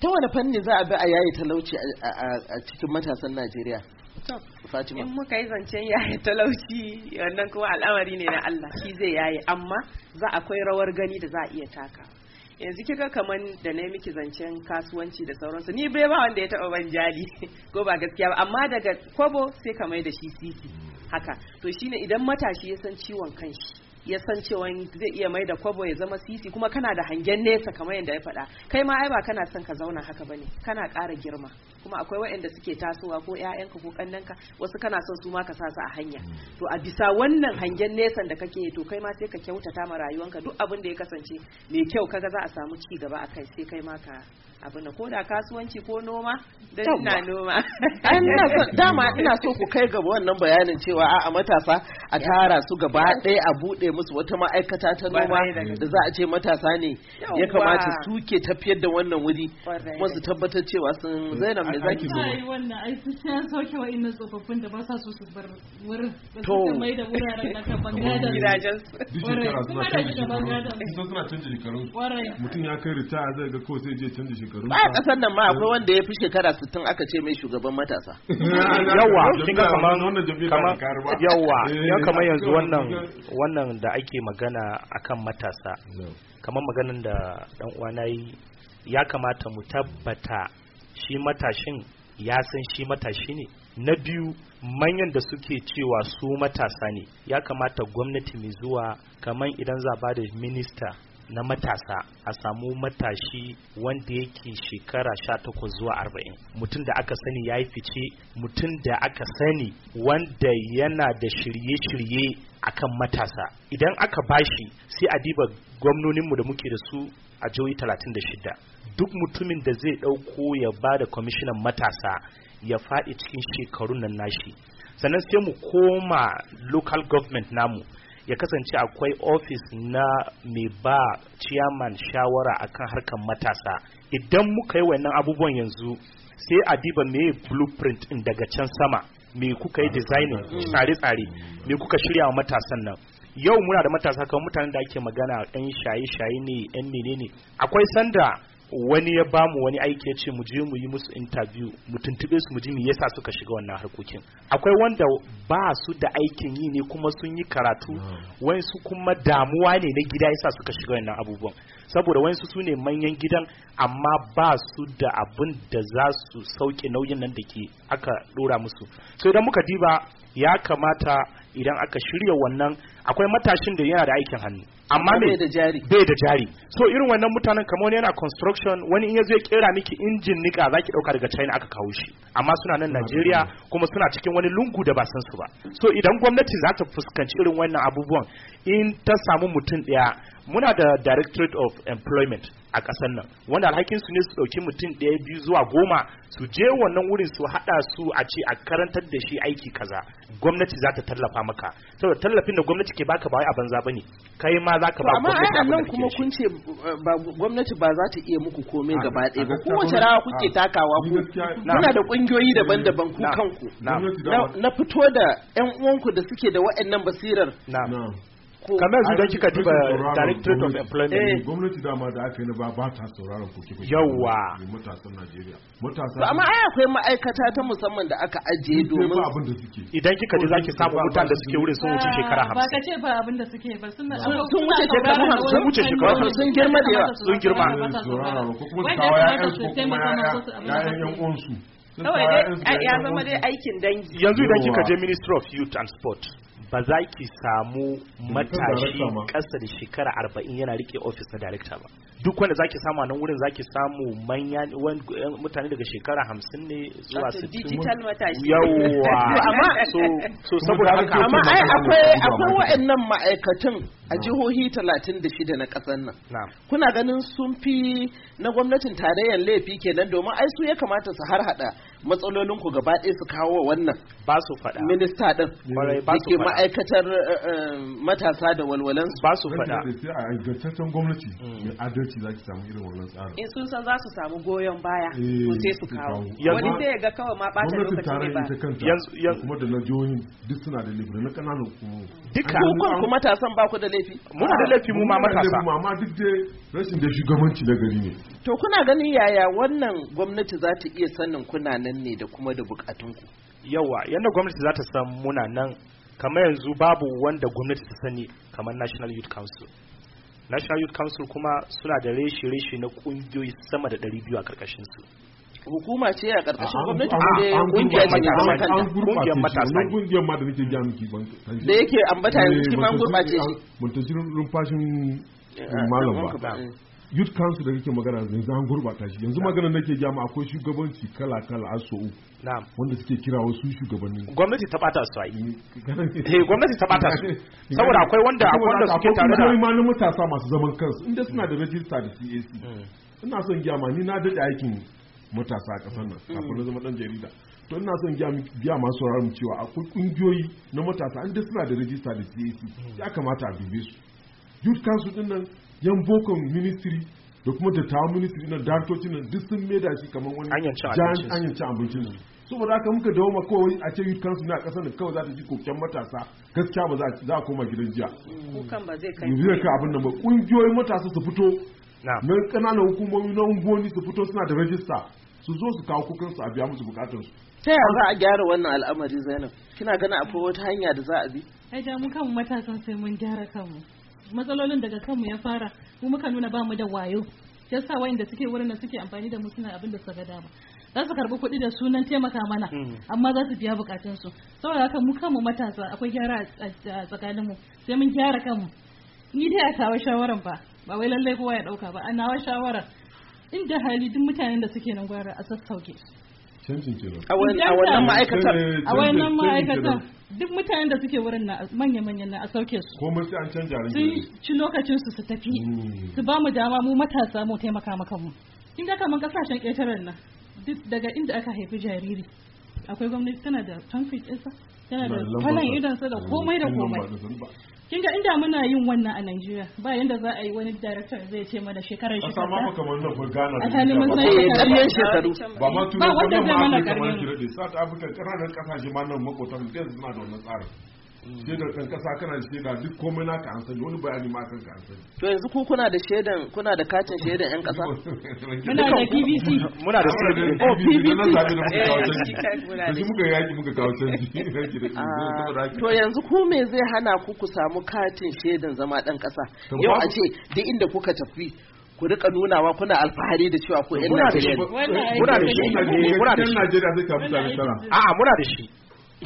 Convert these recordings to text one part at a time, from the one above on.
ta wani fanni za a bi a yayi talauci a cikin matasan najeriya fatima in muka yi zancen yayi talauci wannan kuma al'amari ne na allah shi zai yayi amma za akwai rawar gani da za a iya taka yanzu kika kaman da na miki zancen kasuwanci da sauransu ni bai ba wanda ya taba ban jali ko ba gaskiya ba amma daga kwabo sai ka mai da shi sisi haka to shine idan matashi ya san ciwon kanshi ya san cewa zai iya mai da kwabo ya zama sisi kuma kana da hangen nesa kamar yadda ya faɗa kai ma ai ba kana son ka zauna haka bane kana ƙara girma kuma akwai waɗanda suke tasowa ko ƴaƴanka ko ƙannanka wasu kana son su ma ka sa su a hanya to a bisa wannan hangen nesan da kake to kai ma sai ka kyautata ma rayuwanka duk abin da ya kasance mai kyau kaga za a samu ci gaba a kai sai kai ma ka abin da koda kasuwanci ko noma dan ina noma dama ina so ku kai gaba wannan bayanin cewa a matasa a tara su gaba ɗaya a buɗe musu wata ma'aikata ta noma da za a ce matasa ne ya kamata su ke tafiyar da wannan wuri kuma su tabbatar cewa sun zaina mai zaki zo ai wannan ai su ta sauke wa inna tsofaffin da ba sa so su bar wurin su mai da wuraren na kan bangadan gidajen su da su suna canza shekaru mutum ya kai ritaya zai ga ko sai je canza shekaru ba kasan nan ma akwai wanda ya fi shekara sittin aka ce mai shugaban matasa Yawwa kinga kamar yawwa yan eh. kamar yanzu wannan wannan da ake magana akan matasa kamar maganin da dan uwana yi ya kamata mu tabbata shi matashin ya san shi matashi ne na biyu manyan da suke cewa su matasa ne ya kamata gwamnati mai zuwa kamar idan za ba da minista na matasa a samu matashi wanda yake shekara sha takwas zuwa arba'in mutum da aka sani ya yi fice mutum da aka sani wanda yana da shirye-shirye akan matasa idan aka bashi sai a diba gwamnoninmu da muke da su a jihohi 36 duk mutumin da zai ɗauko ya ba da kwamishinan matasa ya faɗi cikin shekarun nan nashi sannan sai mu koma local government namu ya kasance akwai ofis na mai ba ciyaman shawara akan harkar matasa idan muka yi wannan abubuwan yanzu sai a diba me blueprint in daga can sama me kuka yi designing tsare-tsare me kuka shirya wa matasan nan yau muna da matasa kamar mutanen da ake magana yan shaye-shaye ne yan menene akwai sanda wani ya ba mu wani aiki ya ce mu je mu yi musu interview mu tuntube su mu ji me yasa suka shiga wannan harkokin akwai wanda ba su da aikin yi ne kuma sun yi karatu ah. wai su kuma damuwa ne na gida yasa suka shiga wannan abubuwan saboda wai su sune manyan gidan amma ba su da abin da za su sauke nauyin nan da ke aka dora musu so idan muka diba ya kamata idan aka shirya wannan akwai matashin da yana da aikin hannu amma bai da jari bai da jari so irin wannan mutanen kamar yana construction wani in yazo ya kera miki injin nika zaki dauka daga China aka kawo shi amma suna nan Najeriya kuma suna cikin wani lungu da ba san su ba so idan gwamnati za ta fuskanci irin wannan abubuwan in ta samu mutum daya muna da directorate of employment a ƙasar nan wanda alhakin su ne su ɗauki mutum daya biyu zuwa goma su je wannan wurin su hada su a ce a karantar da shi aiki kaza gwamnati za ta tallafa maka saboda tallafin da gwamnati ke baka ba wai a banza bane kai ma za ka ba amma ai nan kuma kun ce eh, gwamnati ba za ta iya muku komai gaba ɗaya ba kuma wace rawa kuke takawa ku kuna da kungiyoyi eh, daban-daban ku kanku na fito da yan uwanku da suke da waɗannan basirar kamar su don kika diba directorate of employment eh. gwamnati ma da aka yi na ba ta sauraron koke koke yawa matasan Najeriya matasan amma ai akwai ma'aikata ta musamman da aka ajiye domin ba abin da suke idan kika ji zaki samu mutan da suke wurin sun wuce ah, shekara 50 ba ka ce ba abin da suke ba sun sun wuce shekara 50 sun wuce shekara 50 sun girma da yawa sun girma ko kuma kawo ya ko yan uwansu kawai ya zama dai aikin dangi yanzu idan kika je ministry of youth and sport ba za ki samu matashi ƙasa da shekara arba'in yana rike ofis na darekta ba duk wanda za ki samu a nan wurin za ki samu manya mutane daga shekara hamsin ne zuwa sittin digital matashi yawa so saboda haka amma ai akwai akwai wa'annan ma'aikatan a jihohi talatin da shida na ƙasar nan kuna ganin sun fi na gwamnatin tarayyar laifi kenan domin ai su ya kamata su har hada matsalolin ku gaba ɗaya su kawo wannan ba su faɗa minista din yake ma'aikatar eh, eh, matasa da walwalan ba su faɗa a ingantaccen gwamnati hmm. mai adalci za ki samu irin wannan tsarin in sun san za su samu goyon baya eh, sai su kawo wani sai ya ga kawai ma ɓata lokaci ne ba kanta kuma da na duk suna da laifi na ƙananan hukumomi duka ku matasan ba ku da laifi muna da laifi mu ma matasa mu ma duk dai rashin da shugabanci na gari ne to kuna ganin yaya wannan gwamnati za ta iya sanin kuna nan ne da kuma da bukatunku yawa yadda gwamnati za ta san muna nan kamar yanzu babu wanda gwamnati ta sani kamar national youth council national youth council kuma suna da reshe-reshe na kungiyoyi sama da 200 a karkashin su hukuma ce a karkashin ah, gwamnati ko kungiyar matasa kungiyar matasa ne kungiyar ma da nake gaya miki ban da yake ambata yanzu shi ma gurbace eh, shi mun rumfashin eh, malam ba youth council da kake magana yanzu an gurbata shi yanzu magana nake ja mu akwai shugabanci kala kala aso uku na'am wanda suke kira wasu shugabanni. gwamnati ta bata su ai eh, eh gwamnati ta bata su saboda akwai wanda akwai wanda suke tare da akwai malamin matasa masu zaman kansu inda suna da register da CAC hmm. ina son giya ma ni na dade aikin matasa a kasar nan kafin na hmm. zama dan jarida to ina son giya masu mu cewa akwai kungiyoyi na matasa inda suna da register da CAC hmm. ya kamata a dube su youth council din nan yan bokon ministry da kuma dattawan ministry na dantocin nan duk sun meda shi kamar wani anyan ci abincin nan saboda haka muka dawo ma kowai a ce yi kansu na kasar da kawai za ta ji koken matasa gaskiya ba za a koma gidan jiya kukan ba zai kai zai kai abin nan ba kungiyoyin matasa su fito na kananan hukumomi na unguwanni su fito suna da rajista su zo su kawo kukan su a biya musu bukatun su ta yaya za a gyara wannan al'amari zainab kina gana akwai wata hanya da za a bi ai da mu kan matasan sai mun gyara kanmu matsalolin daga kanmu ya fara mu muka nuna ba mu da wayo ya yasa wayanda suke wurin suke amfani da mu suna abin da suka ga dama za su karbi kuɗi da sunan taimaka mana hmm. amma za su biya bukatun su saboda haka mu kanmu matasa akwai gyara a tsakanin mu sai mun gyara kanmu ni dai a tawa shawaran ba ba wai lallai kowa ya dauka ba a nawa shawaran inda hali duk mutanen da suke nan gwara a sassauke a wannan ma'aikatar a wannan ma'aikatar duk mutanen da suke wurin na manya manyan na a sauke su komai sai an canja ran sun ci lokacin su su tafi mm. su ba mu dama mu matasa mu taimaka maka mu kin ga kaman kasashen ƙetaren nan duk daga inda aka haifi jariri akwai gwamnati tana da pamphlet ɗinsa tana da kalan idonsa da mm. komai da komai kin ga inda muna yin wannan a Najeriya ba yanda za a yi wani director zai ce mana shekarar shekara. Asa ma maka wannan ko Ghana. A tani mun sai ƙaryen shekaru. Ba ma turai ba wanda zai mana ƙaryen. South Africa ƙananan ƙasashe ma nan makotan da suna da wannan tsarin. shaidar kan kasa kana da shaida duk komai na ka hansani wani bayani ma kan ka hansani to yanzu ku kuna da shaidan kuna da katin shaidan yan kasa muna da PVC muna da PVC oh PVC nan zabi da muka kawo eh, canji muka yaki muka kawo canji ah, to yanzu ku me zai hana ku ku samu katin shaidan zama dan kasa yau a ce duk inda kuka tafi ku rika nunawa kuna alfahari da cewa ku yan Najeriya muna da shi muna da shi Najeriya zai muna da shi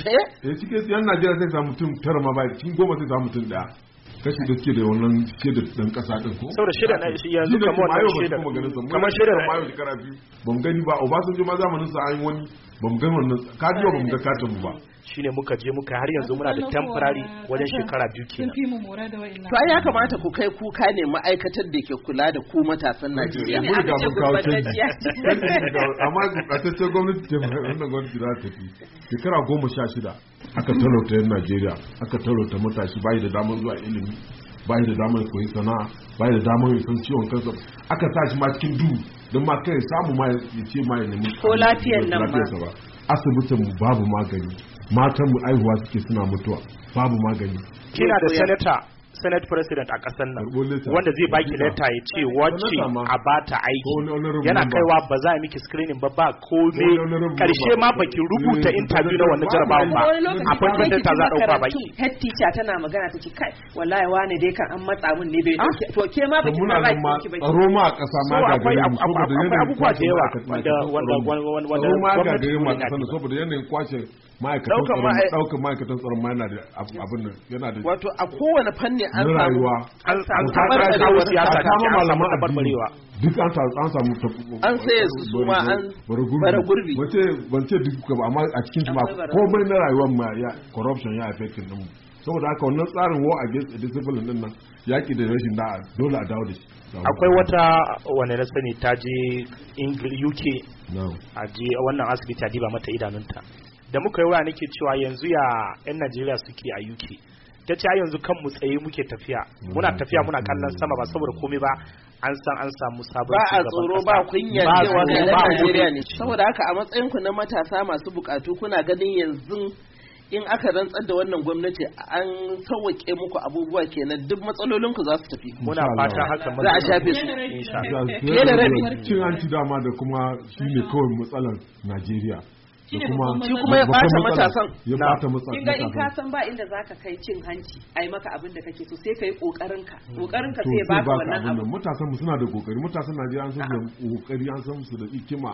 eh eh cikin yan najeriya sai samu mutum tara ma bai cikin goma sai samu mutum daya kashi da suke da wannan da dan kasa din ko saboda shaidar na shi yanzu kamar wannan kuma ganin shaidar kamar shaidar na yau shekara biyu ban gani ba obasanjo ma zamanin sa an wani ban gani wannan kadiyo ban ga katin ba shine muka je muka har yanzu muna da temporary wajen shekara biyu kenan to ai ya kamata ku kai kuka ne ma'aikatar da ke kula da ku matasan Najeriya mun ga mun kawo amma a tace gwamnati ce wannan gwamnati za ta tafi shekara goma sha shida aka talauta yan Najeriya aka talauta matashi bai da damar zuwa ilimi bai da damar koyi sana'a bai da damar san ciwon kansa aka sa shi ma cikin duhu don ma kai samu ma ya ce ma ya nemi ko lafiyar nan ba asibitin babu magani matan mu aihuwa suke suna mutuwa babu magani kina da sanata senate president a ƙasar nan wanda zai baki leta ya ce wacce a bata aiki yana kaiwa ba za a miki screening ba ba kome karshe ma baki rubuta eh, interview na wannan jarabawan ba a din ta za a dauka baki head teacher tana magana ta ce kai wallahi wane dai kan an matsa mun ne bai ah? to ke ma baki ba baki baki tsaro a ƙasa ma ga gare mu saboda yanayin abubuwa da yawa wanda wanda wanda wanda ga gare ma a ƙasa saboda yanayin kwace ma'aikatan tsaron ma'aikatan tsaron ma yana da abin nan yana da wato a kowane fanni shine an samu an samu tabarbarewar siyasa ta an samu tabarbarewa duk an samu an samu an saye su su ma an bara gurbi wace wance duk ba amma a cikin su ma komai na rayuwa ma ya corruption ya affecting din mu saboda haka wannan tsarin war against discipline din nan yaki da rashin da'a dole a dawo da shi akwai wata wani na sani ta je UK a je wannan asibiti a diba mata idanunta da muka yi waya nake cewa yanzu ya 'yan Najeriya suke a UK ta ce yanzu kan mu tsaye muke tafiya mm. muna tafiya muna kallon sama ba saboda komai ba an san an samu sabon ba a tsoro ba kunya cewa ba Najeriya ne saboda haka a matsayin ku na matasa masu bukatu kuna ganin yanzu in aka rantsar da wannan gwamnati an sauke muku abubuwa kenan duk matsalolin ku za su tafi muna fata haka za a shafe su insha Allah cin hanci dama da kuma shine kawai matsalar Najeriya shi kuma ya bata matasan ya bata matasan kinga in ka san ba inda zaka kai cin hanci ai maka abin da kake so sai kai kokarin ka kokarin ka mm. sai ya baka wannan abin matasan mu suna da kokari matasan Najeriya an san su da kokari an san su da hikima